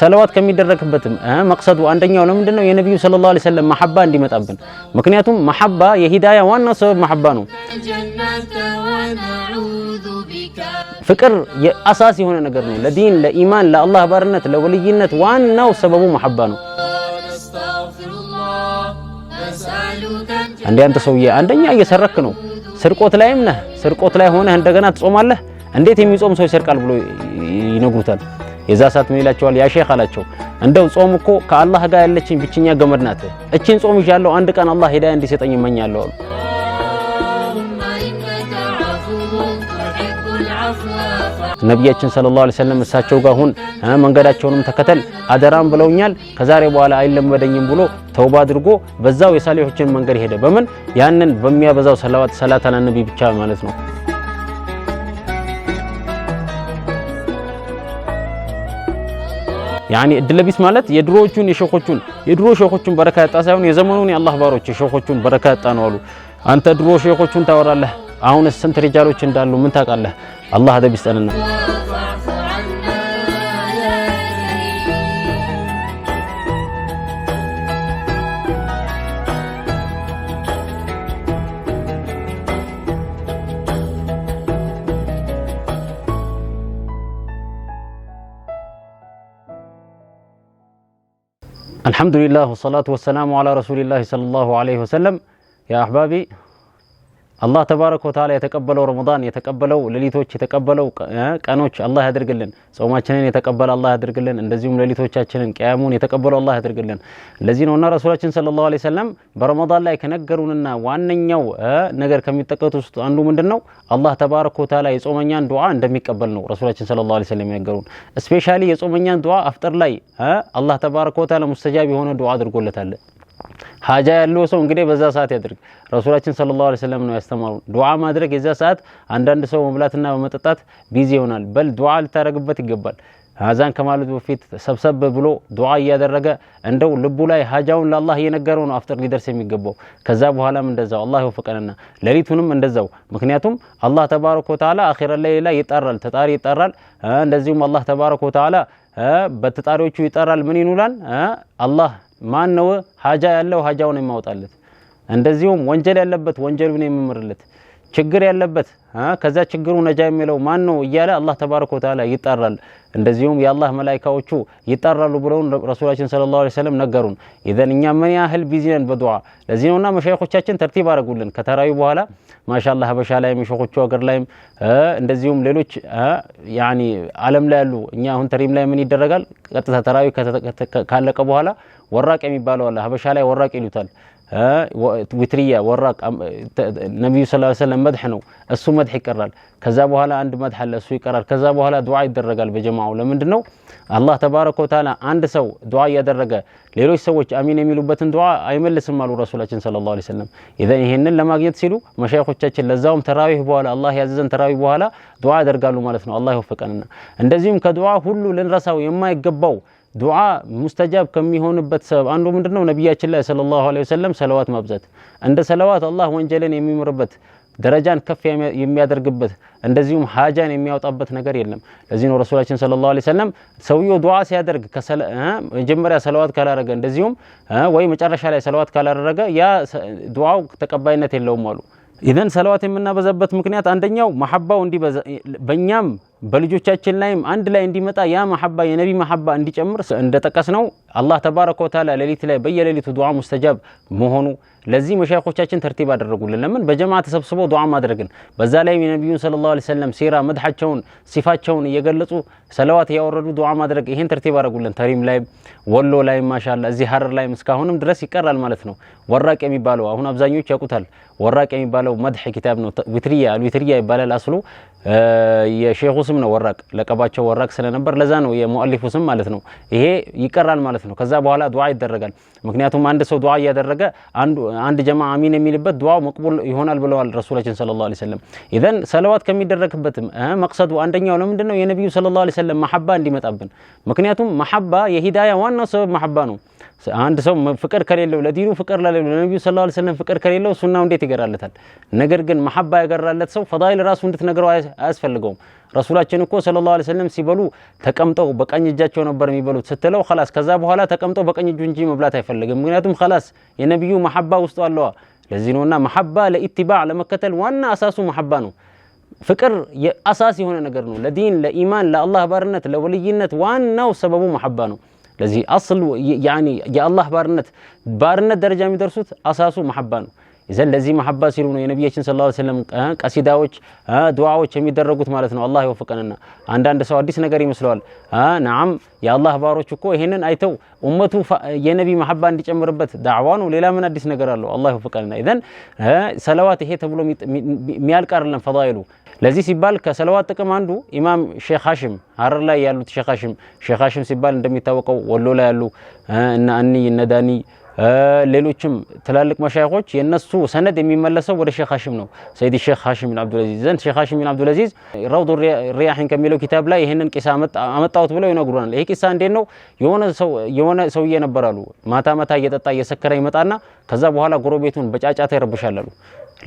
ሰለዋት ከሚደረግበትም መቅሰዱ አንደኛው ነው ምንድነው የነቢዩ ሰለላሁ ዐለይሂ ወሰለም መሐባ እንዲመጣብን። ምክንያቱም መሐባ የሂዳያ ዋናው ሰበብ መሐባ ነው። ፍቅር የአሳስ የሆነ ነገር ነው። ለዲን፣ ለኢማን፣ ለአላህ ባርነት፣ ለወልይነት ዋናው ሰበቡ መሐባ ነው። እንዴ አንተ ሰውዬ አንደኛ እየሰረክ ነው፣ ስርቆት ላይም ነህ። ስርቆት ላይ ሆነህ እንደገና ትጾማለህ። እንዴት የሚጾም ሰው ይሰርቃል ብሎ ይነግሩታል። የዛ ሰዓት ምን ይላቸዋል? ያ ሼክ አላቸው፣ እንደው ጾም እኮ ከአላህ ጋር ያለችኝ ብቸኛ ገመድ ናት። እቺን ጾም ይዣለሁ፣ አንድ ቀን አላህ ሂዳያ እንዲሰጠኝ እመኛለሁ አሉ። ነቢያችን ሰለላሁ ዐለይሂ ወሰለም እሳቸው ጋር ሁን፣ መንገዳቸውንም ተከተል አደራም ብለውኛል፣ ከዛሬ በኋላ አይለመደኝም ብሎ ተውባ አድርጎ በዛው የሳሊሆችን መንገድ ሄደ። በምን ያንን በሚያበዛው ሰላዋት ሰላት አለ አለነቢ ብቻ ማለት ነው። ያኒ እድለቢስ ማለት የድሮዎቹን የሸኾቹን የድሮ ሸኾቹን በረካ ያጣ ሳይሆን የዘመኑን የአላህ ባሮች የሸኾቹን በረካ ያጣ ነው አሉ። አንተ ድሮ ሸኾቹን ታወራለህ፣ አሁን ስንት ሪጃሎች እንዳሉ ምን ታውቃለህ? አላህ አደብ ይስጠንና الحمد لله والصلاة والسلام على رسول الله صلى الله عليه وسلم يا أحبابي አላህ ተባረከ ወተዓላ የተቀበለው ረመዳን የተቀበለው ሌሊቶች የተቀበለው ቀኖች አላህ ያድርግልን። ጾማችንን የተቀበለ አላህ ያድርግልን። እንደዚሁም ሌሊቶቻችንን ቅያሙን የተቀበለው አላህ ያድርግልን። ለዚህ ነውና ረሱላችን ሰለላሁ ዐለይሂ ወሰለም በረመዳን ላይ ከነገሩንና ዋነኛው ነገር ከሚጠቀሱት ውስጥ አንዱ ምንድነው አላህ ተባረከ ወተዓላ የጾመኛን ዱዓ እንደሚቀበል ነው ረሱላችን ሰለላሁ ዐለይሂ ወሰለም የነገሩን። ስፔሻሊ የጾመኛን ዱዓ አፍጠር ላይ አላህ ተባረከ ወተዓላ ሙስተጃብ የሆነ ዱዓ አድርጎለታል። ሀጃ ያለው ሰው እንግዲህ በዛ ሰዓት ያድርግ። ረሱላችን ሰለላሁ ዐለይሂ ወሰለም ነው ያስተማሩ። ዱዓ ማድረግ የዛ ሰዓት አንዳንድ ሰው መብላትና በመጠጣት ቢዚ ይሆናል። በል ዱዓ ልታደረግበት ይገባል። አዛን ከማለቱ በፊት ሰብሰብ ብሎ ዱዓ እያደረገ እንደው ልቡ ላይ ሀጃውን ለአላህ እየነገረው ነው አፍጥር ሊደርስ የሚገባው። ከዛ በኋላም እንደዛው አላህ ይወፈቀንና ሌሊቱንም እንደዛው። ምክንያቱም አላህ ተባረከ ወተዓላ አኺራ ላይ ላይ ይጠራል፣ ተጣሪ ይጠራል። እንደዚሁም አላህ ተባረከ ወተዓላ በተጣሪዎቹ ይጠራል። ምን ይኑላል አላህ ማን ነው ሀጃ ያለው ሀጃውን የማውጣለት፣ እንደዚሁም ወንጀል ያለበት ወንጀሉን የሚምርለት፣ ችግር ያለበት ከዛ ችግሩ ነጃ የሚለው ማን ነው እያለ አላህ ተባረከ ወተዓላ ይጣራል። እንደዚሁም የአላህ መላይካዎቹ ይጣራሉ ብለውን ረሱላችን ሰለላሁ ዐለይሂ ወሰለም ነገሩን። ኢዘን እኛ ምን ያህል ቢዚ ነን በዱዓ። ለዚህ ነውና መሻይኾቻችን ተርቲብ አድርጉልን ከተራዩ በኋላ ማሻላ ሀበሻ ላይም የሸኾቹ ሀገር ላይም እንደዚሁም ሌሎች ያኒ አለም ላይ ያሉ እኛ አሁን ተሪም ላይ ምን ይደረጋል? ቀጥታ ተራዊ ካለቀ በኋላ ወራቅ የሚባለው አለ። ሀበሻ ላይ ወራቅ ይሉታል። ዊትርያ ወራቅ ነቢዩ ስላ ሰለም መድሕ ነው። እሱ መድሕ ይቀራል። ከዛ በኋላ አንድ መድሕ አለ፣ እሱ ይቀራል። ከዛ በኋላ ዱዓ ይደረጋል በጀማው። ለምንድን ነው አላህ ተባረከ ወተዓላ አንድ ሰው ዱዓ እያደረገ ሌሎች ሰዎች አሚን የሚሉበትን ዱዓ አይመልስም አሉ ረሱላችን ሰለላሁ ዐለይሂ ወሰለም። ኢዘን ይህንን ለማግኘት ሲሉ መሻይኾቻችን ለዛውም ተራዊህ በኋላ አላህ ያዘዘን ተራዊህ በኋላ ዱዓ ያደርጋሉ ማለት ነው። አላህ ይወፈቀንና እንደዚሁም ከዱዓ ሁሉ ልንረሳው የማይገባው ዱዓ ሙስተጃብ ከሚሆንበት ሰበብ አንዱ ምንድነው? ነቢያችን ላይ ሰለላሁ ዐለይሂ ወሰለም ሰለዋት ማብዛት። እንደ ሰለዋት አላህ ወንጀልን የሚምርበት ደረጃን ከፍ የሚያደርግበት እንደዚሁም ሀጃን የሚያወጣበት ነገር የለም። ለዚህ ነው ረሱላችን ሰለላሁ ዐለይሂ ወሰለም ሰውየው ዱዓ ሲያደርግ መጀመሪያ ሰለዋት ካላረገ እንደዚሁም ወይ መጨረሻ ላይ ሰለዋት ካላደረገ ያ ዱዓው ተቀባይነት የለውም አሉ። ኢዘን ሰለዋት የምናበዛበት ምክንያት አንደኛው መሐባው እንዲበዛ በእኛም በልጆቻችን ላይም አንድ ላይ እንዲመጣ ያ መሐባ የነቢ መሐባ እንዲጨምር እንደጠቀስ ነው አላህ ተባረከ ወተዓላ ሌሊት ላይ በየሌሊቱ ዱዓ ሙስተጃብ መሆኑ ለዚህ መሻይኮቻችን ተርቲብ አደረጉልን። ለምን በጀማ ተሰብስበው ዱዓ ማድረግን በዛ ላይም የነቢዩን ሰለላሁ ዐለይሂ ወሰለም ሲራ መድሓቸውን፣ ሲፋቸውን እየገለጹ ሰለዋት እያወረዱ ዱዓ ማድረግ ይሄን ተርቲብ አደረጉልን። ተሪም ላይም ወሎ ላይም ማሻላ እዚህ ሀረር ላይም እስካሁንም ድረስ ይቀራል ማለት ነው። ወራቅ የሚባለው አሁን አብዛኞች ያውቁታል። ወራቅ የሚባለው መድሕ ኪታብ ነው። ዊትርያ አልዊትርያ ይባላል። አስሉ የሼኹ ስም ነው ወራቅ። ለቀባቸው ወራቅ ስለነበር ለዛ ነው የሙአሊፉ ስም ማለት ነው። ይሄ ይቀራል ማለት ነው። ከዛ በኋላ ዱዓ ይደረጋል። ምክንያቱም አንድ ሰው ዱዓ እያደረገ አንድ ጀማ አሚን የሚልበት ዱዓው መቅቡል ይሆናል ብለዋል ረሱላችን ሰለላሁ ዐለይሂ ወሰለም። ኢዘን ሰለዋት ከሚደረግበት መቅሰዱ አንደኛው ለምንድን ነው የነቢዩ ሰለላሁ ዐለይሂ ወሰለም መሐባ እንዲመጣብን። ምክንያቱም መሐባ የሂዳያ ዋናው ሰበብ መሐባ ነው። አንድ ሰው ፍቅር ከሌለው ለዲኑ ፍቅር ለሌለው ለነቢዩ ሰለላሁ ዐለይሂ ወሰለም ፍቅር ከሌለው ሱናው እንዴት ይገራለታል? ነገር ግን መሐባ ያገራለት ሰው ፈዳይል ራሱ እንድትነግረው አያስፈልገውም። ረሱላችን እኮ ሰለላሁ ዐለይሂ ወሰለም ሲበሉ ተቀምጠው በቀኝ እጃቸው ነበር የሚበሉት ስትለው ላስ ከዛ በኋላ ተቀምጠው በቀኝ እጁ እንጂ መብላት አይፈልግም። ምክንያቱም ላስ የነቢዩ መሐባ ውስጡ አለዋ። ለዚህ ነውና መሐባ ለኢትባዕ ለመከተል ዋና አሳሱ መሐባ ነው። ፍቅር አሳስ የሆነ ነገር ነው። ለዲን ለኢማን ለአላህ ባርነት ለወልይነት ዋናው ሰበቡ መሐባ ነው። ለዚህ አስል የአላህ ባርነት ባርነት ደረጃ የሚደርሱት አሳሱ መሐባ ነው። ይዘን ለዚህ መሐባ ሲሉ ነው የነቢያችን ሰለላሁ ዐለይሂ ወሰለም ቀሲዳዎች፣ ዱዓዎች የሚደረጉት ማለት ነው። አላህ ይወፍቀንና አንዳንድ ሰው አዲስ ነገር ይመስለዋል። ነዓም የአላህ ባሮች እኮ ይህንን አይተው ኡመቱ የነቢ መሐባ እንዲጨምርበት ዳዕዋ ነው። ሌላ ምን አዲስ ነገር አለው? አላህ ይወፍቀንና ይዘን ሰለዋት ይሄ ተብሎ የሚያልቅ አይደለም ፈዳኢሉ። ለዚህ ሲባል ከሰለዋት ጥቅም አንዱ ኢማም ሼክ ሐሽም ሀረር ላይ ያሉት ሼክ ሐሽም ሼክ ሐሽም ሲባል እንደሚታወቀው ወሎ ላይ ያሉ እነ አኒ እነ ዳኒ ሌሎችም ትላልቅ መሻይኮች የእነሱ ሰነድ የሚመለሰው ወደ ሼክ ሀሽም ነው። ሰይድ ሼክ ሀሽም ቢን አብዱልዚዝ ዘንድ ሼክ ሀሽም ቢን አብዱልዚዝ ረውዱ ሪያሒን ከሚለው ኪታብ ላይ ይህንን ቂሳ አመጣሁት ብለው ይነግሩናል። ይሄ ቂሳ እንዴት ነው? የሆነ ሰውዬ ነበራሉ። ማታ ማታ እየጠጣ እየሰከረ ይመጣና ከዛ በኋላ ጎረቤቱን በጫጫታ ይረብሻል አሉ።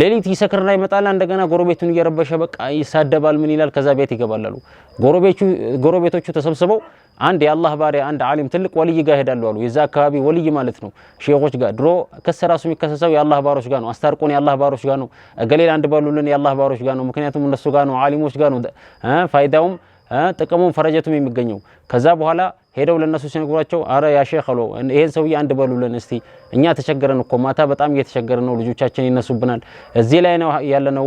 ሌሊት ይሰክርና ይመጣል። እንደገና ጎረቤቱን እየረበሸ በቃ ይሳደባል። ምን ይላል? ከዛ ቤት ይገባል አሉ። ጎረቤቶቹ ተሰብስበው አንድ የአላህ ባሪያ አንድ ዓሊም ትልቅ ወልይ ጋር ሄዳሉ አሉ። የዛ አካባቢ ወልይ ማለት ነው ሼኾች ጋር። ድሮ ክስ ራሱ የሚከሰሰው የአላህ ባሮች ጋር ነው። አስታርቁን የአላህ ባሮች ጋር ነው። እገሌን አንድ በሉልን የአላህ ባሮች ጋር ነው። ምክንያቱም እነሱ ጋር ነው፣ ዓሊሞች ጋር ነው ፋይዳውም ጥቅሙን ፈረጀቱም የሚገኘው ከዛ በኋላ ሄደው ለእነሱ ሲነግሯቸው አረ ያ ሎ ይሄን ሰውዬ አንድ በሉልን እስቲ እኛ ተቸገረን እኮ ማታ በጣም እየተቸገረ ነው፣ ልጆቻችን ይነሱብናል፣ እዚህ ላይ ነው ያለነው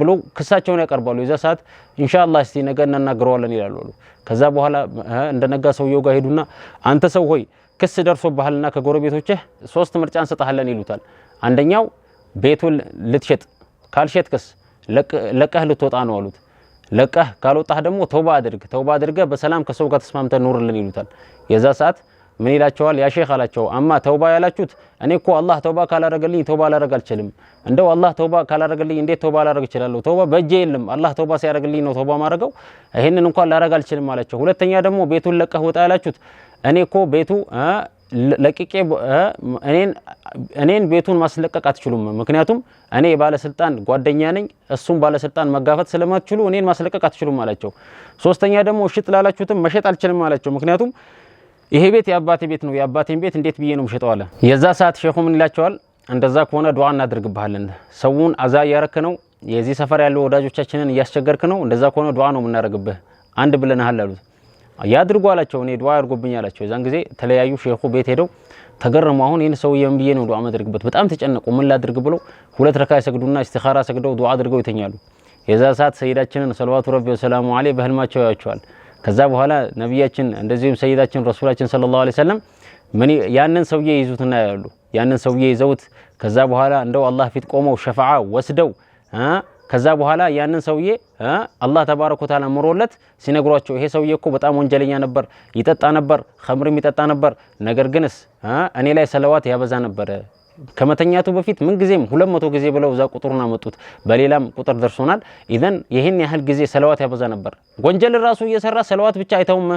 ብሎ ክሳቸውን ያቀርባሉ። የዛ ሰዓት እንሻላ እስቲ ነገ እናናግረዋለን ይላሉ። ከዛ በኋላ እንደነጋ ሰውየው ጋር ሄዱና አንተ ሰው ሆይ ክስ ደርሶ ባህልና ከጎረቤቶችህ ሶስት ምርጫ እንሰጠሃለን ይሉታል። አንደኛው ቤቱን ልትሸጥ ክስ ለቀህ ልትወጣ ነው አሉት። ለቀህ ካልወጣህ ደግሞ ተውባ አድርግ። ተውባ አድርገ በሰላም ከሰው ጋር ተስማምተ ኑርልን ይሉታል። የዛ ሰዓት ምን ይላቸዋል? ያ ሼክ አላቸው። አማ ተውባ ያላችሁት እኔ እኮ አላህ ተውባ ካላረገልኝ ተውባ ላረግ አልችልም። እንደው አላህ ተውባ ካላረገልኝ እንዴት ተውባ ላረግ እችላለሁ? ተውባ በእጄ የለም። አላህ ተውባ ሲያረግልኝ ነው ተውባ ማረገው። ይህንን እንኳን ላረግ አልችልም አላቸው። ሁለተኛ ደግሞ ቤቱን ለቀህ ወጣ ያላችሁት እኔ እኮ ቤቱ ለቅቄ እኔን ቤቱን ማስለቀቅ አትችሉም። ምክንያቱም እኔ የባለስልጣን ጓደኛ ነኝ፣ እሱም ባለስልጣን መጋፈጥ ስለማትችሉ እኔን ማስለቀቅ አትችሉም አላቸው። ሶስተኛ ደግሞ እሽጥ ላላችሁትም መሸጥ አልችልም አላቸው። ምክንያቱም ይሄ ቤት የአባቴ ቤት ነው፣ የአባቴን ቤት እንዴት ብዬ ነው አለ። የዛ ሰዓት ሼኹ ምን ይላቸዋል? እንደዛ ከሆነ ዱዓ እናደርግብሃለን። ሰውን አዛ እያረክ ነው፣ የዚህ ሰፈር ያሉ ወዳጆቻችንን እያስቸገርክ ነው። እንደዛ ከሆነ ዱዓ ነው የምናደርግብህ አንድ ብለናሃል አሉት። ያድርጉ አላቸው። እኔ ዱዓ አድርጎብኝ አላቸው። የዛን ጊዜ ተለያዩ። ሼኹ ቤት ሄደው ተገረሙ። አሁን ይህን ሰው ምን ብዬ ነው ዱዓ ማድረግበት? በጣም ተጨነቁ። ምን ላድርግ ብለው ሁለት ረካ ይሰግዱና ኢስቲኻራ ሰግደው ዱዓ አድርገው ይተኛሉ። የዛ ሰዓት ሰይዳችንን ሰለዋቱ ረቢ ወሰላሙ አለይ በህልማቸው ያቸዋል። ከዛ በኋላ ነቢያችን እንደዚሁም ሰይዳችን ረሱላችን ሰለላሁ ዐለይሂ ወሰለም ያንን ሰውዬ ይዙትና ያሉ ያንን ሰውዬ ይዘውት ከዛ በኋላ እንደው አላህ ፊት ቆመው ሸፈዓ ወስደው ከዛ በኋላ ያንን ሰውዬ አላህ ተባረከ ወተዓላ ምሮለት ሲነግሯቸው ይሄ ሰውዬ እኮ በጣም ወንጀለኛ ነበር፣ ይጠጣ ነበር፣ ከምርም ይጠጣ ነበር። ነገር ግንስ እኔ ላይ ሰለዋት ያበዛ ነበረ። ከመተኛቱ በፊት ጊዜም ሁለት መቶ ጊዜ ብለው እዛ ቁጥሩን አመጡት። በሌላም ቁጥር ደርሶናል። ኢዘን ይህን ያህል ጊዜ ሰለዋት ያበዛ ነበር። ወንጀል ራሱ እየሰራ ሰለዋት ብቻ አይተውም።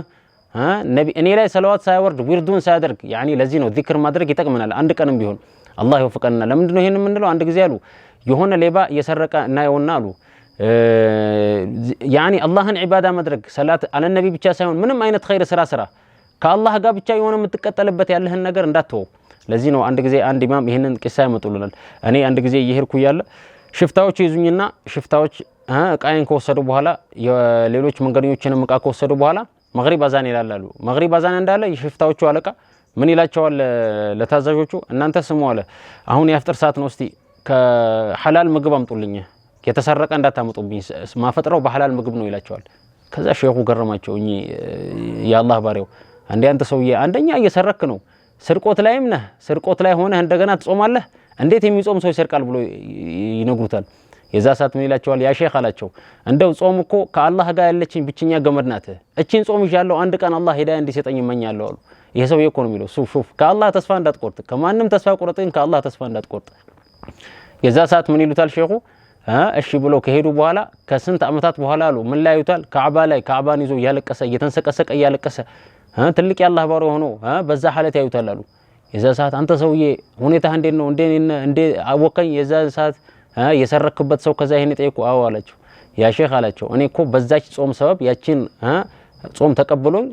እኔ ላይ ሰለዋት ሳያወርድ ዊርዱን ሳያደርግ ለዚህ ነው ዚክር ማድረግ ይጠቅመናል። አንድ ቀንም ቢሆን አላህ ይወፍቀንና። ለምንድን ነው ይህን የምንለው? አንድ ጊዜ አሉ የሆነ ሌባ እየሰረቀ እናየውና አሉ ያኒ አላህን ዒባዳ ማድረግ ሰላት አለነቢ ብቻ ሳይሆን ምንም አይነት ኸይር ስራ ስራ ከአላህ ጋር ብቻ የሆነ የምትቀጠልበት ያለህን ነገር እንዳትወው። ለዚህ ነው አንድ ጊዜ አንድ ኢማም ይህንን ቂሳ ያመጡልናል። እኔ አንድ ጊዜ እየሄድኩ እያለ ሽፍታዎች ይዙኝና ሽፍታዎች እቃዬን ከወሰዱ በኋላ የሌሎች መንገደኞችንም እቃ ከወሰዱ በኋላ መግሪብ አዛን ይላላሉ። መግሪብ አዛን እንዳለ የሽፍታዎቹ አለቃ ምን ይላቸዋል ለታዛዦቹ? እናንተ ስሙ አለ አሁን የአፍጥር ሰዓት ነው። እስቲ ከሐላል ምግብ አምጡልኝ፣ የተሰረቀ እንዳታምጡብኝ፣ ማፈጥረው በሐላል ምግብ ነው ይላቸዋል። ከዛ ሼኹ ገረማቸው እ የአላህ ባሪያው አንዴ አንተ ሰውዬ አንደኛ እየሰረክ ነው፣ ስርቆት ላይም ነህ። ስርቆት ላይ ሆነህ እንደገና ትጾማለህ። እንዴት የሚጾም ሰው ይሰርቃል ብሎ ይነግሩታል። የዛ ሰዓት ምን ይላቸዋል? ያ ሼክ አላቸው እንደው ጾም እኮ ከአላህ ጋር ያለችኝ ብቸኛ ገመድ ናት። እቺን ጾም ይዣለሁ፣ አንድ ቀን አላህ ሂዳያ እንዲሰጠኝ እመኛለሁ አሉ። ይሄ ሰውዬ እኮ ነው የሚለው ሱፍ ሱፍ ከአላህ ተስፋ እንዳትቆርጥ፣ ከማንም ተስፋ ቆረጥ፣ ግን ከአላህ ተስፋ እንዳትቆርጥ። የዛ ሰዓት ምን ይሉታል ሼኹ? እሺ ብሎ ከሄዱ በኋላ ከስንት ዓመታት በኋላ አሉ ምን ላይ ይሉታል? ካዕባ ላይ ካዕባን ይዞ እያለቀሰ እየተንሰቀሰቀ እያለቀሰ ትልቅ የአላህ ባሮ ሆኖ በዛ ሐለት ያዩታል አሉ። የዛ ሰዓት አንተ ሰውዬ ሁኔታ እንዴት ነው እንዴ አወከኝ የዛ ሰዓት የሰረክበት ሰው ከዛ ይሄን ጠይቁ። አዎ አላቸው። ያ ሼኽ አላቸው እኔ እኮ በዛች ጾም ሰበብ ያቺን ጾም ተቀብሎኝ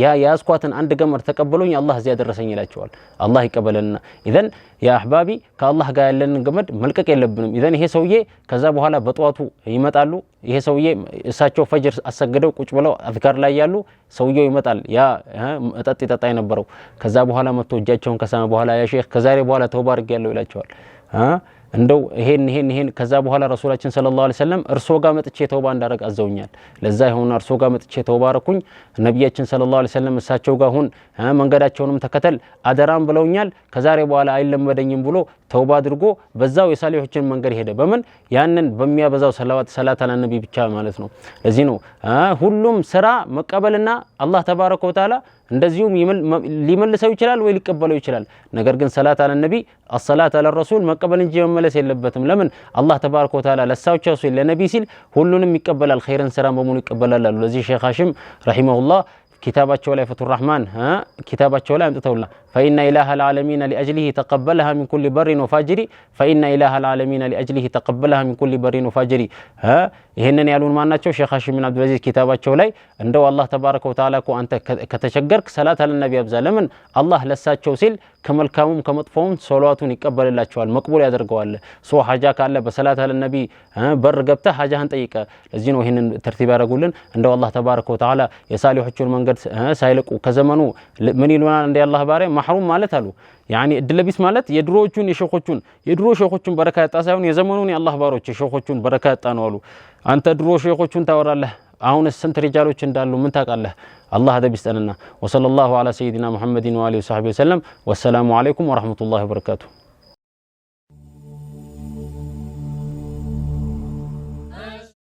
ያ የያዝኳትን አንድ ገመድ ተቀብሎኝ አላህ እዚያ ደረሰኝ ይላቸዋል። አላህ ይቀበለንና ኢዘን ያ አሕባቢ ከአላህ ጋር ያለንን ገመድ መልቀቅ የለብንም። ኢዘን ይሄ ሰውዬ ከዛ በኋላ በጠዋቱ ይመጣሉ። ይሄ ሰውዬ እሳቸው ፈጅር አሰግደው ቁጭ ብለው አፍካር ላይ ያሉ ሰውየው ይመጣል። ያ እጠጥ ይጠጣ የነበረው ከዛ በኋላ መጥቶ እጃቸውን ከሳመ በኋላ ያ ሼክ ከዛሬ በኋላ ተውባ አድርጌያለሁ ይላቸዋል። እንደው ይሄን ይሄን ይሄን ከዛ በኋላ ረሱላችን ሰለላሁ ዐለይሂ ወሰለም እርሶ ጋር መጥቼ ተውባ እንዳረግ አዘውኛል። ለዛ ይሁን እርሶ ጋር መጥቼ ተውባ አረኩኝ። ነቢያችን ሰለላሁ ዐለይሂ ወሰለም እሳቸው ጋር ሁን፣ መንገዳቸውንም ተከተል አደራም ብለውኛል። ከዛሬ በኋላ አይለመደኝም ብሎ ተውባ አድርጎ በዛው የሳሌሖችን መንገድ ሄደ። በምን ያንን በሚያበዛው ሰላዋት ሰላት አለ ነቢ ብቻ ማለት ነው። ለዚህ ነው ሁሉም ስራ መቀበልና አላህ ተባረከ ወተዓላ እንደዚሁም ሊመልሰው ይችላል ወይ ሊቀበለው ይችላል። ነገር ግን ሰላት አለ ነቢ አሰላት አለ ረሱል መቀበል እንጂ መመለስ የለበትም። ለምን አላህ ተባረከ ወተዓላ ለሳቸው ሲል ለነቢ ሲል ሁሉንም ይቀበላል። ኸይርን ስራ በሙሉ ይቀበላል አሉ። ለዚህ ሼክ ሀሽም ረሂመሁላህ كتاباتشو لاي فتور الرحمن ها كتاباتشو لاي امتتو الله فإن إله العالمين لأجله تقبلها من كل بر وفاجر فإن إله العالمين لأجله تقبلها من كل بر وفاجر ها ይህንን ያሉን ማናቸው ሼክ ሀሺም ቢን አብዱልአዚዝ ኪታባቸው ላይ እንደው አላህ ተባረከ ወተዓላ እኮ አንተ ከተቸገርክ ሰላት አለነቢ አብዛ። ለምን አላህ ለሳቸው ሲል ከመልካሙም ከመጥፎውም ሶላቱን ይቀበልላቸዋል፣ መቅቡል ያደርገዋል። ሶ ሀጃ ካለ በሰላት አለነቢ በር ገብተ ሀጃህን ጠይቀ። ለዚህ ነው ይህንን ተርቲብ ያደረጉልን። እንደው አላህ ተባረከ ወተዓላ የሳሊሖቹን መንገድ ሳይልቁ ከዘመኑ ምን ይሉናል እንደ አላህ ባሪያ ማህሩም ማለት አሉ ያኒ እድለቢስ ማለት የድሮዎቹን የሸኾቹን የድሮ ሸኾቹን በረካ ያጣ ሳይሆን የዘመኑን የአላህ ባሮች የሸኾቹን በረካ ያጣ ነው አሉ። አንተ ድሮ ሸኾቹን ታወራለህ። አሁን ስንት ሪጃሎች እንዳሉ ምን ታውቃለህ? አላህ አደብ ይስጠንና ወሰለላሁ ዐላ ሰይዲና ሙሐመድ ወአሊሂ ወሰሐቢሂ ወሰለም። ወሰላሙ ዐለይኩም ወረሕመቱላሂ ወበረካቱሁ።